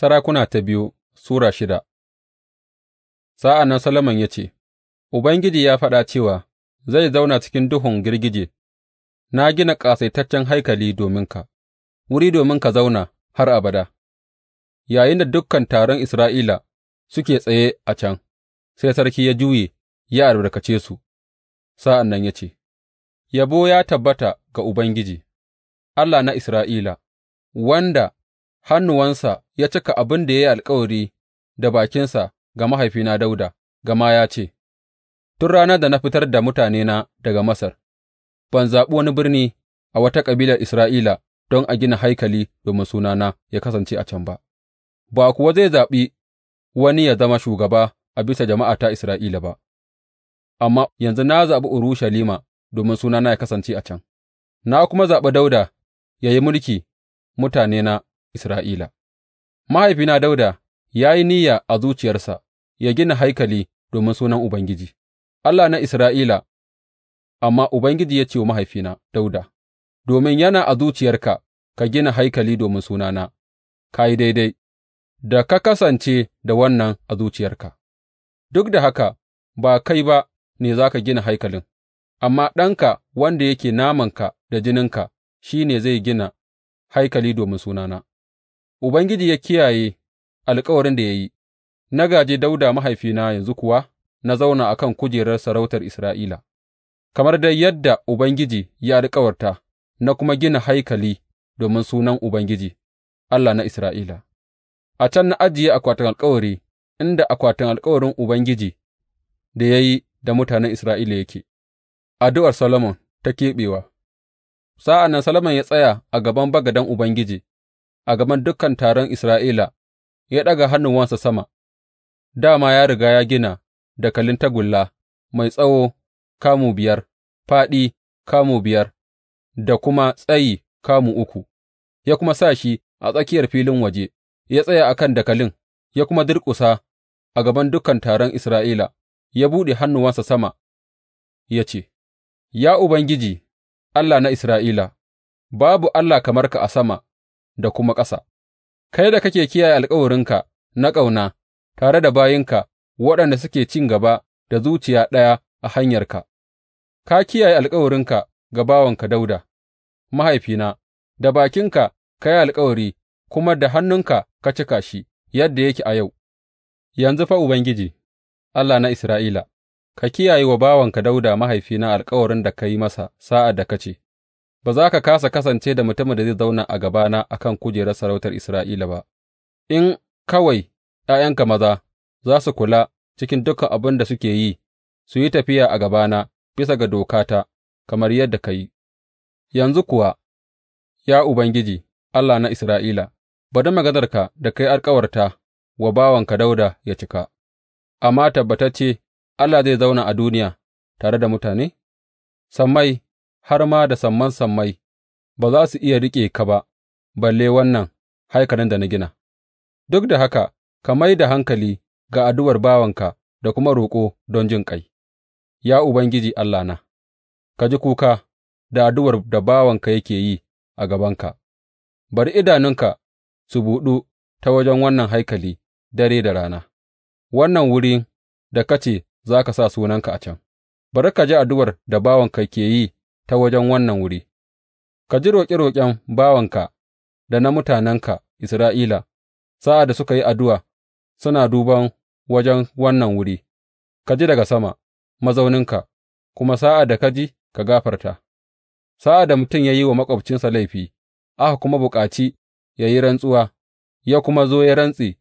Sarakuna ta biyu Sura shida Sa'an nan Solomon ya ce, Ubangiji ya faɗa cewa zai zauna cikin duhun girgije, na gina ƙasaitaccen haikali dominka, wuri domin ka zauna har abada, yayinda dukkan taron Isra'ila suke tsaye a can, sai sarki ya juye ya albarkace su, sa'an nan ya ce, Yabo ya tabbata ga Ubangiji, Allah na Isra'ila, wanda hannuwansa ya cika abin da ya yi alkawari da bakinsa ga mahaifina Dawuda, gama ya ce, Tun ranar da na fitar da mutanena daga Masar, ban zaɓi wani birni a wata kabilar Isra'ila don a gina haikali domin sunana ya kasance a can ba, ba kuwa zai zaɓi wani ya zama shugaba a bisa jama'a ta Isra'ila ba, amma yanzu na zaɓi Urushalima domin sunana ya kasance a can, na kuma zaɓi Dauda ya yi mulki mutanena Isra'ila Mahaifina Dauda ya yi niyya a zuciyarsa ya gina haikali domin Sunan Ubangiji, Allah na Isra'ila, amma Ubangiji ya ce wa mahaifina Dauda, Domin yana a zuciyarka ka gina haikali domin Sunana, ka yi daidai da ka kasance da wannan a zuciyarka, duk da haka ba kai ba ne za ka gina haikalin, amma ɗanka wanda yake namanka da jininka shi ne zai gina haikali domin Sunana. Ubangiji ya kiyaye alkawarin da ya yi, na gāje Dawuda mahaifina yanzu kuwa na zauna a kan kujerar sarautar Isra'ila, kamar dai yadda Ubangiji ya alkawarta, na kuma gina haikali domin Sunan Ubangiji, Allah na Isra'ila. A can na ajiye akwatin alkawari, inda akwatin alkawarin Ubangiji da ya yi da mutanen Isra'ila yake. Addu'ar Solomon ta keɓewa Sa'an nan Solomon ya tsaya a gaban bagaden Ubangiji. a gaban dukan taron Isra'ila, ya ɗaga hannuwansa sama, da ma ya riga ya gina dakalin tagulla mai tsawo kamu biyar, faɗi kamu biyar, da kuma tsayi kamu uku, ya kuma sa shi a tsakiyar filin waje, ya tsaya a kan dakalin, ya kuma durƙusa a gaban dukan taron Isra'ila, ya buɗe hannuwansa sama, ya ce, Ya Ubangiji, Allah na Isra'ila, babu Allah kamar ka a sama. da kuma ƙasa, kai da kake kiyaye alkawarinka na ƙauna tare da bayinka waɗanda suke cin gaba da zuciya ɗaya a hanyarka, ka kiyaye alkawarinka ga bawanka Dauda, mahaifina, da bakinka ka yi alkawari kuma da hannunka ka cika shi yadda yake a yau, yanzu fa Ubangiji, Allah na Isra'ila. ka kiyaye wa bawanka Dauda mahaifina alkawarin da ka yi masa sa'ad da ka ce, ba za ka kāsa kasance da mutumin da zai zauna a gabana a kan kujerar sarautar Isra'ila ba, in kawai ’ya'yanka maza za su kula cikin dukan abin da suke yi, su yi tafiya a gabana bisa ga dokata, kamar yadda ka yi. Yanzu kuwa, ya Ubangiji, Allah na Isra'ila, bari maganarka da kai alkawarta wa bawanka dauda ya cika, amma tabbatacce Allah zai zauna a duniya tare da mutane? Sammai har ma da saman sammai ba za su iya riƙe ka ba, balle wannan haikalin da na gina, duk da haka ka mai da hankali ga addu'ar bawanka da kuma roƙo don jin ƙai. ya Ubangiji Allahna, ka ji kuka da addu'ar da bawanka yake yi a gabanka, bari idanunka su buɗu ta wajen wannan haikali dare da rana, wannan wurin da ka ce za ka sa sunanka a can, bari ka ji addu'ar da bawanka ke yi ta wajen wannan wuri, ka ji roƙe roƙen bawanka da na mutanenka Isra'ila sa'ad da suka yi addu'a suna duban wajen wannan wuri, ka ji daga sama mazauninka, kuma sa'ad da ka ji ka gafarta, sa'ad da mutum ya yi wa maƙwabcinsa laifi, aka kuma bukaci ya yi rantsuwa, ya kuma zo ya rantse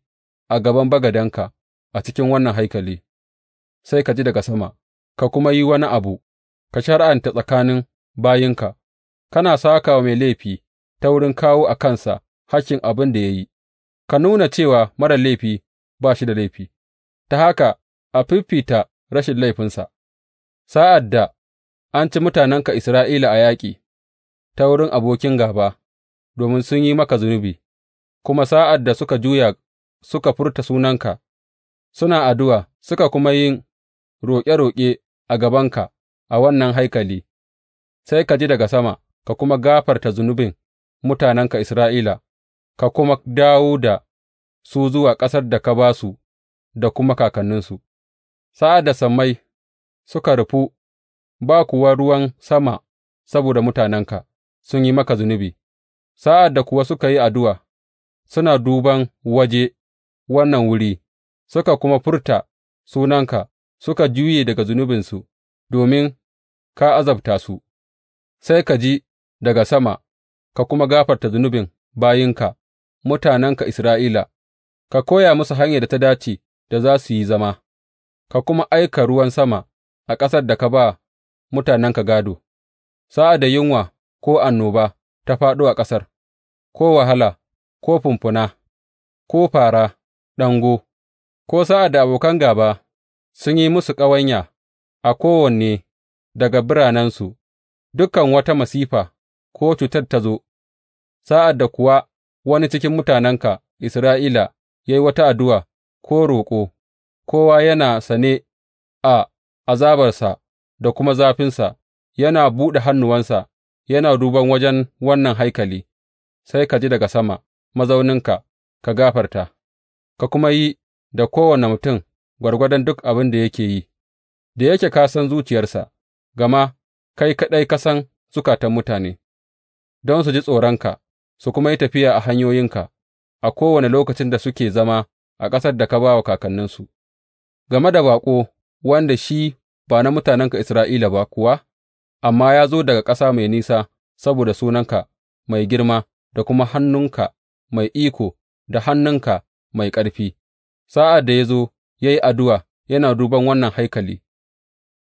a gaban bagadenka a cikin wannan haikali, sai ka ji daga sama, ka kuma yi wani abu, ka shari'anta tsakanin bayinka, kana sāka wa mai laifi ta wurin kawo a kansa hakkin abin da ya yi, ka nuna cewa marar laifi ba shi da laifi, ta haka a fiffita rashin laifinsa, sa'ad da an ci mutanenka Isra'ila a yaƙi ta wurin abokin gaba. domin sun yi maka zunubi, kuma sa'ad da suka juya suka furta sunanka, suna addu'a suka kuma yin roƙe-roƙe a gabanka a wannan haikali. sai ka ji daga sama ka kuma gafarta zunubin mutanenka Isra'ila, ka kuma dawo da su zuwa ƙasar da ka ba su da kuma kakanninsu, sa'ad da sammai suka rufu, ba kuwa ruwan sama saboda mutanenka sun yi maka zunubi, sa'ad da kuwa suka yi addu'a, suna duban waje wannan wuri, suka kuma furta sunanka, suka juye daga zunubinsu domin ka azabta su. sai ka ji daga sama ka kuma gafarta zunubin bayinka, mutanenka Isra'ila, ka koya musu hanyar da ta dace da za su yi zama, ka kuma aika ruwan sama a ƙasar da ka ba mutanenka gado, sa'ad da yunwa ko annoba ta fāɗo a ƙasar, ko wahala, ko fumfuna, ko fara ɗango, ko sa'ad da abokan gaba sun yi musu ƙawanya a kowanne daga biranensu. dukan wata masifa ko cutar ta zo, sa'ad da kuwa wani cikin mutanenka Isra'ila ya yi wata addu'a ko roƙo, kowa yana sane a azabarsa da kuma zafinsa, yana buɗe hannuwansa, yana duban wajen wannan haikali, sai ka ji daga sama mazauninka ka gafarta, ka kuma yi da kowane mutum gwargwadon duk abin da yake yi, da yake ka san zuciyarsa, gama kai kaɗai ka san zukatan mutane, don su ji tsoronka su kuma yi tafiya a hanyoyinka a kowane lokacin da suke zama a ƙasar da ka ba wa kakanninsu, game da baƙo wanda shi ba na mutanenka Isra'ila ba kuwa, amma ya zo daga ƙasa mai nisa saboda sunanka mai girma da kuma hannunka mai iko da hannunka mai ƙarfi, sa'ad da ya zo ya yi addu'a yana duban wannan haikali,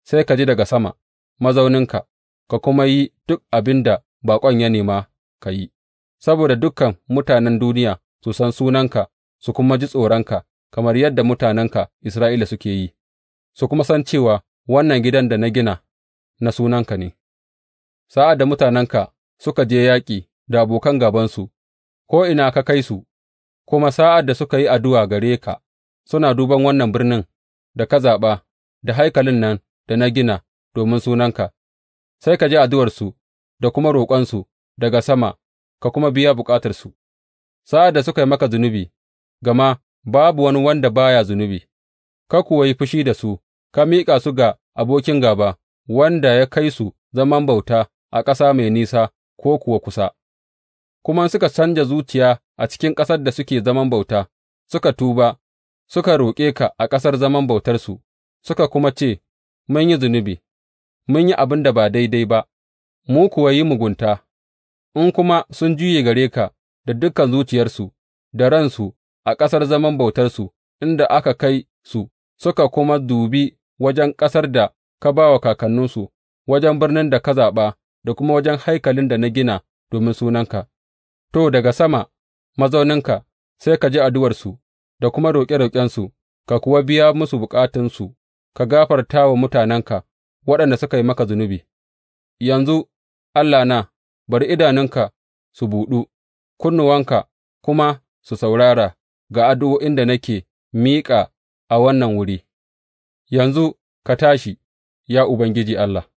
sai ka ji daga sama, mazauninka, ka kuma yi duk abin da baƙon ya nema ka yi, saboda dukan mutanen duniya su san sunanka su kuma ji tsoronka, kamar yadda mutanenka Isra'ila suke yi, su kuma san cewa wannan gidan da na gina na sunanka ne. Sa'ad da mutanenka suka je yaƙi da abokan gābansu, ko'ina ka kai su, kuma sa'ad da suka yi addu'a gare ka, suna duban wannan birnin da ka zaɓa, da haikalin nan da na gina domin sunanka, sai ka ji addu'arsu da kuma roƙonsu daga sama ka kuma biya bukatarsu sa'ad da suka yi maka zunubi, gama babu wani wanda baya zunubi, ka kuwa yi fushi da su, ka miƙa su ga abokin gaba wanda ya kai su zaman bauta a ƙasa mai nisa ko kuwa kusa, kuma suka canja zuciya a cikin ƙasar da suke zaman bauta, suka tuba, suka roƙe ka a ƙasar zaman bautarsu, suka kuma ce, Mun yi zunubi, mun yi abin da ba daidai ba, mu kuwa yi mugunta, in kuma sun juye gare ka da dukan zuciyarsu da ransu a ƙasar zaman bautarsu inda aka kai su, suka kuma dubi wajen ƙasar da ka ba wa kakanninsu, wajen birnin da ka zaɓa da kuma wajen haikalin da na gina domin sunanka, to, daga sama mazauninka sai ka ji addu'arsu da kuma roƙe-roƙensu, ka kuwa biya musu bukatunsu, ka gafarta wa mutanenka waɗanda suka yi maka zunubi, yanzu, Allahna, bari idanunka su buɗu, kunnuwanka kuma su saurara ga addu'o'in da nake miƙa a wannan wuri, yanzu ka tashi, ya Ubangiji Allah,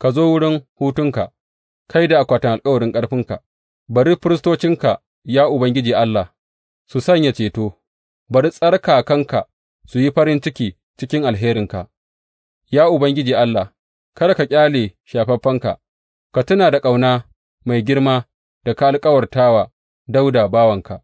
ka zo wurin hutunka, kai da akwatin alkawarin ƙarfinka, bari firistocinka, ya Ubangiji Allah, su sanya ceto, bari tsarkakanka su yi farin ciki cikin alherinka. Ya Ubangiji Allah, kada ka ƙyale shafaffenka, ka tuna da ƙauna mai girma da ka alkawarta wa Dawuda bawanka.